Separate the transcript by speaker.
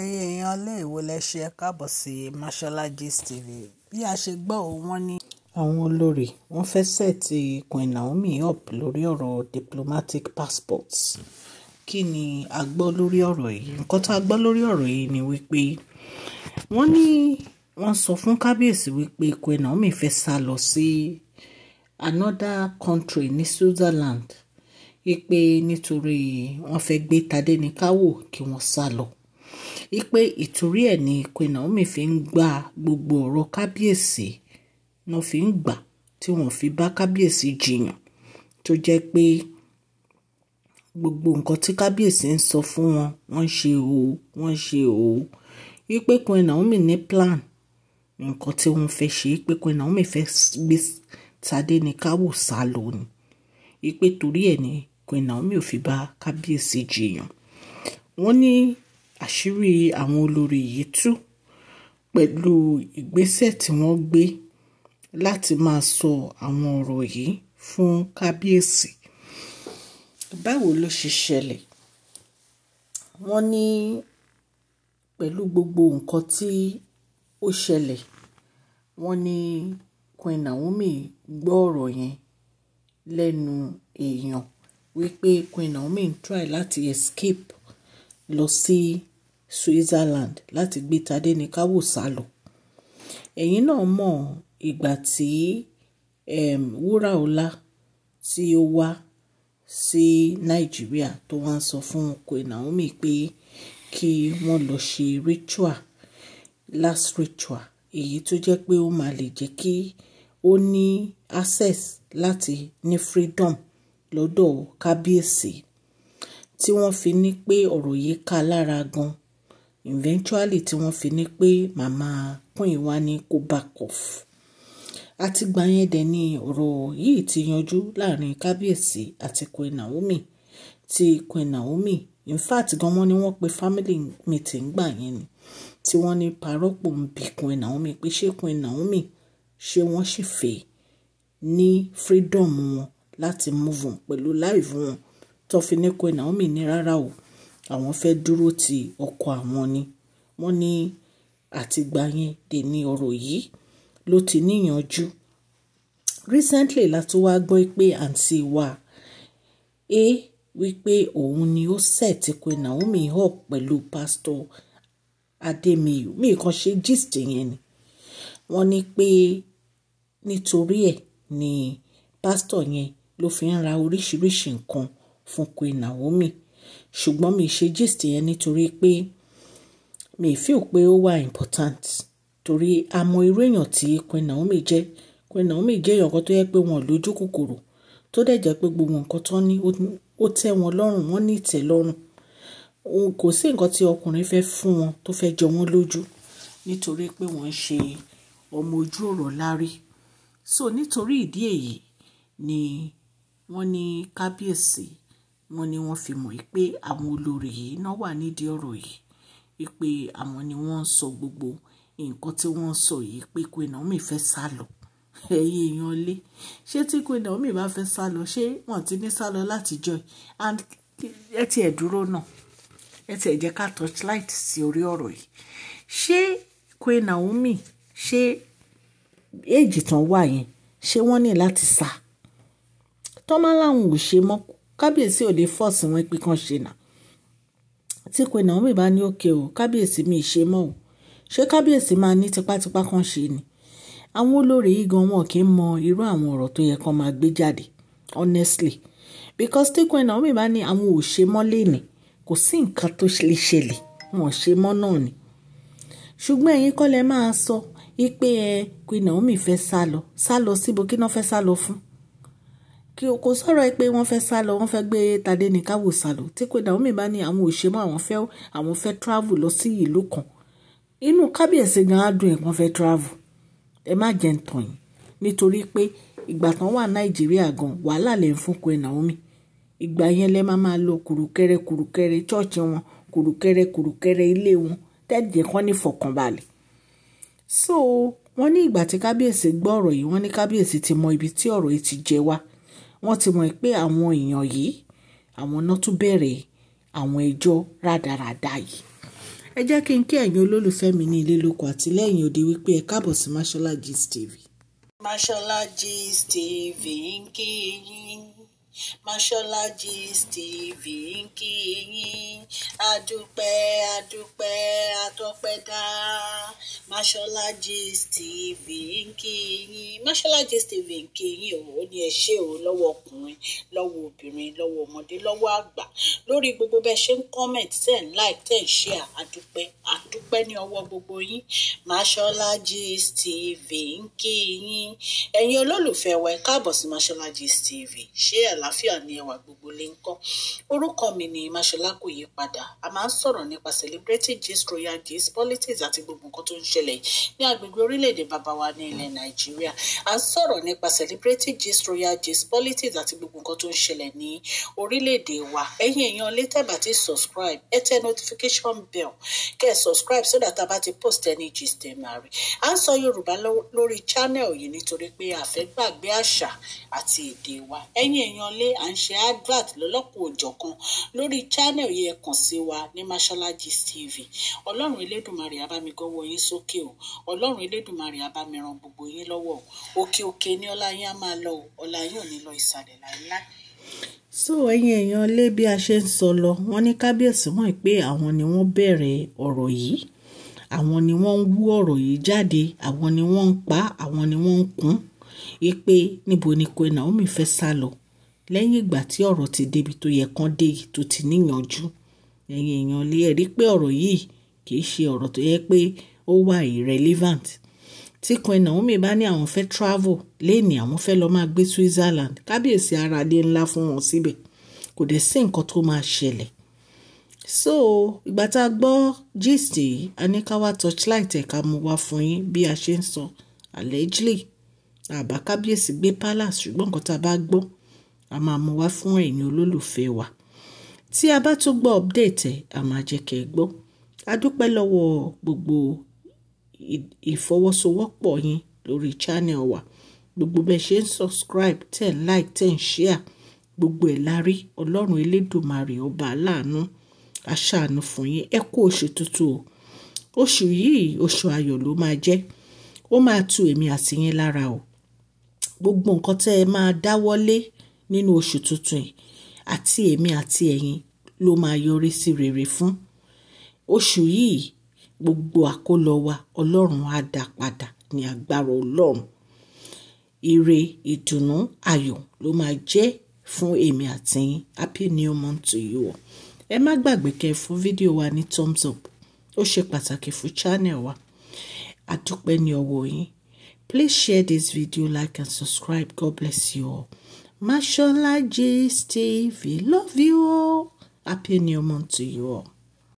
Speaker 1: ẹ̀yin èèyàn ilé ìwò lẹ ṣe ẹ káàbọ̀ sí Mashola Gist TV bí a ṣe gbọ́ ò wọ́n ní. àwọn olórí wọ́n fẹ́ sẹ́ẹ̀tì Queen Naomi up lórí ọ̀rọ̀ diplomatic passports kí ni a gbọ́ lórí ọ̀rọ̀ yìí nǹkan tá a gbọ́ lórí ọ̀rọ̀ yìí ni wípé wọ́n ní wọ́n sọ fún kábíyèsí wípé Queen Naomi fẹ́ sá lọ sí another country ní Switzerland wípé nítorí wọ́n fẹ́ gbé Tadéníkàwò kí wọ́n sá lọ wípé ìtorí ẹ̀ ní Queen Naomi fi ń gba gbogbo ọ̀rọ̀ kábíyèsí náà fi ń gbà tí wọ́n fi bá kábíyèsí jiyàn tó jẹ́ pé gbogbo nǹkan tí kábíyèsí ń sọ fún wọn wọ́n ṣe o wọ́n ṣe o wípé Queen Naomi ní plan nǹkan tí wọ́n fẹ́ ṣe pé Queen Naomi fẹ́ gbé Tadé ní káwò sá lọ wípé torí ẹ̀ ní Queen Naomi ò fi bá kábíyèsí jiyàn wọ́n ní àṣírí àwọn olórí yìí tú pẹ̀lú ìgbésẹ̀ tí wọ́n gbé láti máa sọ àwọn ọ̀rọ̀ yìí fún kábíyèsí báwo ló ṣe ṣẹlẹ̀ wọ́n ní pẹ̀lú gbogbo nǹkan tí ó ṣẹlẹ̀ wọ́n ní Queen Naomi gbọ́ ọ̀rọ̀ yẹn lẹ́nu èèyàn wípé Queen Naomi ń try láti escape lọ sí Switzerland láti gbé Tadénikáwò sá lọ ẹ̀yin náà mọ̀ ìgbà tí um, Wúràọlá tí ó wá sí Nàìjíríà tó wá ń sọ fún Queen Naomi pé kí wọ́n lọ ṣe ritual last ritual èyí tó jẹ́ pé ó máa lè jẹ́ kí ó ní access láti ní freedom lọ́dọ̀ kábíyèsí tí wọ́n fi ní pé ọ̀rọ̀ yìí ká lára gan eventually tí wọ́n fi ní pé màmá Kúnyìnwá ní kó back off àtìgbà yẹn dẹ̀ ni ọ̀rọ̀ yìí ti yanjú láàrin kábíyèsí àti Queen Naomi ti Queen Naomi in fact gan wọ́n ní wọ́n pe family meeting gbà yẹn ni tí wọ́n ní parọ́pò ń bi Queen Naomi pé ṣé Queen Naomi ṣé wọ́n sì fẹ́ ní freedom wọn láti move on pẹ̀lú life wọn tó fi ní Queen Naomi ní rárá o àwọn fẹ́ dúró ti ọkọ àwọn ni wọ́n ní àtìgbà dè ní ọ̀rọ̀ yìí ló ti níyànjú recently la tún wá gbọ́ pé àǹtí wa a wípé òun ni ó sẹ̀tì Queen Naomi up pẹ̀lú pásítọ̀ Adémiyù mi kàn ṣe gist yẹn ni wọ́n ní pé nítorí ẹ̀ ni pásítọ̀ yẹn ló fi ń ra oríṣiríṣi nǹkan fún Queen Naomi ṣùgbọ́n mi ṣe gist yẹn nítorí pé mi feel pé ó wà important torí a mọ irú èèyàn tí Queen Naomi jẹ́ Queen Naomi jẹ́ èèyàn kan tó yẹ pé wọn lójú kòkòrò tó dẹ̀ jẹ́ pé gbogbo nǹkan tó ní ó tẹ́ wọn lọ́rùn wọ́n ní ìtẹ́ lọ́rùn kò sí nǹkan tí ọkùnrin fẹ́ fún wọn tó fẹ́ jọ wọ́n lójú nítorí pé wọ́n ń ṣe ọmọ ojú ọ̀rọ̀ lárí so nítorí ìdí èyí ni wọ́n ní kábíyèsí wọ́n ní wọ́n fi mọ̀ pé àwọn olórí yìí náà wà nídìí ọ̀rọ̀ yìí wípé àwọn ni wọ́n ń sọ gbogbo nǹkan tí wọ́n ń sọ yìí pé Queen Naomi fẹ́ sá lọ ẹ̀yin èèyàn lé ṣé tí Queen Naomi bá fẹ́ sá lọ ṣé wọ́n ti ní sá lọ láti joy and ẹ ti ẹ̀ dúró náà ẹ ti ẹ̀ jẹ́ ká torchlight sí orí ọ̀rọ̀ yìí ṣé Queen Naomi ṣé èjì tán wà yẹn ṣé wọ́n ní láti sá tọ́mọ́ ò ṣe mọ́ kábíyèsí ò lè fọ́ọ̀sì wọn pé kán ṣe nà tí pé Naomi bá ní òkè o kábíyèsí mi ṣe mọ́ o ṣé kábíyèsí máa ní tipátipá kán ṣe ni àwọn olórí yìí gan wọn kì í mọ irú àwọn ọ̀rọ̀ tó yẹ kán máa gbé jáde honestly because tí pé Naomi bá ní àwọn ò ṣe mọ́ léèní kò sí nǹkan tó lè ṣẹlẹ̀ wọn ò ṣe mọ́ náà ni ṣùgbọ́n ẹ̀yin kọ́ lẹ máa sọ wípé ẹ pé Naomi fẹ́ sá lọ sá lọ síbo kí náà fẹ́ sá lọ fún kí o kò sọ̀rọ̀ ẹ pé wọ́n fẹ́ sá lọ wọ́n fẹ́ gbé tade nìkan wò sá lọ tí pé Naomi bá ní àwọn òṣèmọ́ àwọn fẹ́ àwọn fẹ́ travel lọ sí ìlú kan inú kábíyèsí gan adùn ẹ̀ wọ́n fẹ́ travel ẹ má jẹ́ ń tàn yín nítorí pé ìgbà tán wà Nàìjíríà gan wàhálà lè ń fún Queen Naomi ìgbà yẹn lẹ má máa lọ kùrùkẹrẹ kùrùkẹrẹ chọ́ọ̀chì wọn kùrùkẹrẹ kùrùkẹrẹ ilé wọn tẹ́ẹ̀dẹ̀ kan ní fọkànbalẹ̀ so wọ́n ní ìgbà tí kábíyèsí gbọ́ ọ̀rọ̀ yìí wọ́n ní kábíyèsí ti mọ ibi tí ọ̀rọ̀ yìí ti jẹ wá wọ́n ti mọ̀ pé àwọn èèyàn yìí àwọn náà tún bẹ̀rẹ̀ àwọn ẹjọ́ rádaràda yìí ẹ jẹ́ kí n kí ẹ̀yin olólùfẹ́ mi ní ilé lóko àtìlẹ́yìn òde wípé ẹ káàbọ̀ sí Mashola Gist TV. Mashola Gist TV ń kí yín Mashola Gist TV ń kí yín adúpẹ́ adúpẹ́ atọ́pẹ́dá Mashola Gist TV ń kí yín Mashola Gist TV ń kí yín o ó ní ẹ ṣé o lọ́wọ́ ọkùnrin lọ́wọ́ obìnrin lọ́wọ́ ọmọdé lọ́wọ́ àgbà lórí gbogbo bẹ́ẹ̀ ṣe ń comment ten like ten share àdúpẹ́ àdúpẹ́ ní ọwọ́ gbogbo yín Mashola Gist TV ń kí yín ẹ̀yin olólùfẹ́ wa ẹ káàbọ̀ sí Mashola Gist TV ṣé àlàáfíà ni ẹwà gbogbo lè ń kọ́ orúkọ mi ni Mashola kò yí padà a máa ń sọ̀rọ̀ nípa celebrity gist royal gist politics àti gbogbo nǹkan tó ń ṣẹlẹ̀ ní agbègbè orílẹ̀-èdè bàbá wa ní ilẹ̀ Nàìjíríà a ń sọ̀rọ̀ nípa celebrity gist royal gist politics àti gbogbo nǹkan tó ń ṣẹlẹ̀ ní orílẹ̀-èdè wa ẹ̀yin èèyàn later tẹ̀bà ti subscribe ẹ tẹ notification bell kẹ́ subscribe so that a ti post ẹni gist ẹ máa rí à ń sọ yorùbá lórí channel yìí nítorí pé a fẹ́ gbàgbé àṣà àti èdè wa ẹ̀yin èèyàn lé à ń ṣe advert lọ́lọ́kùn òjọ̀kan lórí channel yìí ẹ kàn sí wa ní mashola gist tv ọlọ́run elédùnmarè abamigọ́wọ́ yín sókè o ọlọ́run elédùnmarè abamiran gbogbo yín lọ́wọ́ òkè òkè ní ọlá yín á máa lọ ọlá yín ò ní lọ ìsàlẹ̀ láéláé so ẹ̀yin èèyàn lé bí a ṣe ń sọ lọ wọ́n ní kábíyèsí mọ̀ pé àwọn ni wọ́n bẹ̀rẹ̀ ọ̀rọ̀ yìí àwọn ni wọ́n ń wú ọ̀rọ̀ yìí jáde àwọn ni wọ́n ń pa àwọn ni wọ́n ń kún ipe níbo ni Queen Naomi fẹ́ sá lọ lẹ́yìn ìgbà tí ọ̀rọ̀ ti débi tó yẹ kán dé tó ti níyànjú ẹ̀yin èèyàn lé ẹ̀rí pé ọ̀rọ̀ yìí kì í ṣe ọ̀rọ̀ tó yẹ pé ó wà irrelevant tí Queen Naomi bá ní àwọn fẹ́ travel lẹ́ni àwọn fẹ́ lọ́ọ́ máa gbé Switzerland kábíyèsí ara dé ńlá fún wọn síbẹ̀ kò dẹ̀ sí nǹkan tó máa ṣẹlẹ̀ so ìgbà tá a gbọ́ gist yìí a ní ká wá torchlight ẹ̀ka mu wá fún yín bí a ṣe ń sọ allegedly àbá kábíyèsí gbé palace ṣùgbọ́n nǹkan tá a bá gbọ́ a máa mú wá fún ẹ̀yin olólùfẹ́ wa tí a bá tún gbọ́ update ẹ̀ a máa jẹ́ kẹ́ gbọ́ a dúpẹ́ lọ́wọ́ gbogbo ìfọwọ́sowọ́pọ̀ yín lórí channel wa gbogbo bẹ́ẹ̀ ṣe ń subscribe tẹ̀ ń like tẹ̀ ń share gbogbo ẹ̀ la rí ọlọ́run elédùnmarè ọba aláàánú aṣàánú fún yín ẹ kú oṣù tuntun o oṣù yìí oṣù ayọ̀ ló máa jẹ́ ó máa tu èmi àti yín lára o gbogbo nǹkan tẹ́ ẹ máa dáwọ́lé nínú oṣù tuntun yìí àti èmi àti ẹ̀yin ló máa yọrí sí rere fún oṣù yìí gbogbo àkólọ wa ọlọ́run á dá padà ní agbára ọlọ́run ire ìdùnnú ayọ̀ ló máa jẹ́ fún èmi àti happy new month to you all ẹ má gbàgbé kẹ́ fún fídíò wa ní thumbs up ó ṣe pàtàkì fún channel wa àdúpẹ́ ní ọwọ́ yín please share this video like and subscribe god bless you all mashola gist tv love you all happy new month to you all.